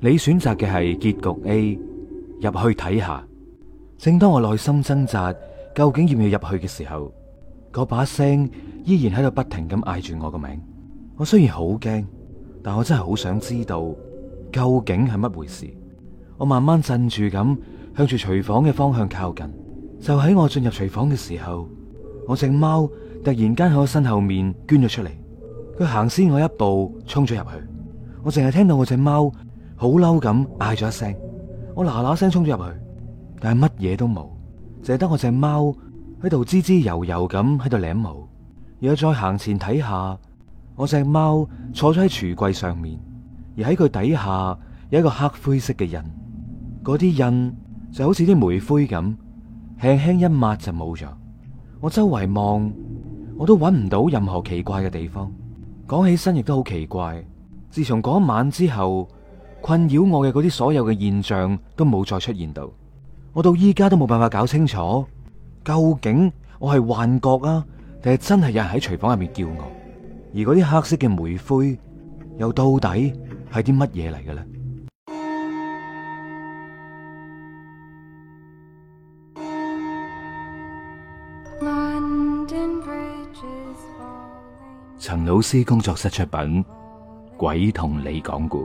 你選擇嘅係結局 A。入去睇下。正當我內心掙扎，究竟要唔要入去嘅時候，個把聲依然喺度不停咁嗌住我個名。我雖然好驚，但我真係好想知道究竟係乜回事。我慢慢鎮住咁向住廚房嘅方向靠近。就喺我進入廚房嘅時候，我隻貓突然間喺我身後面捐咗出嚟。佢行先我一步，衝咗入去。我淨係聽到我隻貓，好嬲咁嗌咗一聲，我嗱嗱聲衝咗入去，但係乜嘢都冇，淨係得我隻貓喺度滋滋油油咁喺度舐毛。然後再行前睇下，我隻貓坐咗喺櫥櫃上面，而喺佢底下有一個黑灰色嘅印，嗰啲印就好似啲煤灰咁，輕輕一抹就冇咗。我周圍望，我都揾唔到任何奇怪嘅地方。講起身亦都好奇怪，自從嗰晚之後。困擾我嘅嗰啲所有嘅現象都冇再出現到，我到依家都冇辦法搞清楚，究竟我係幻覺啊，定係真係有人喺廚房入面叫我？而嗰啲黑色嘅煤灰又到底係啲乜嘢嚟嘅呢？陳老師工作室出品，《鬼同你講故》。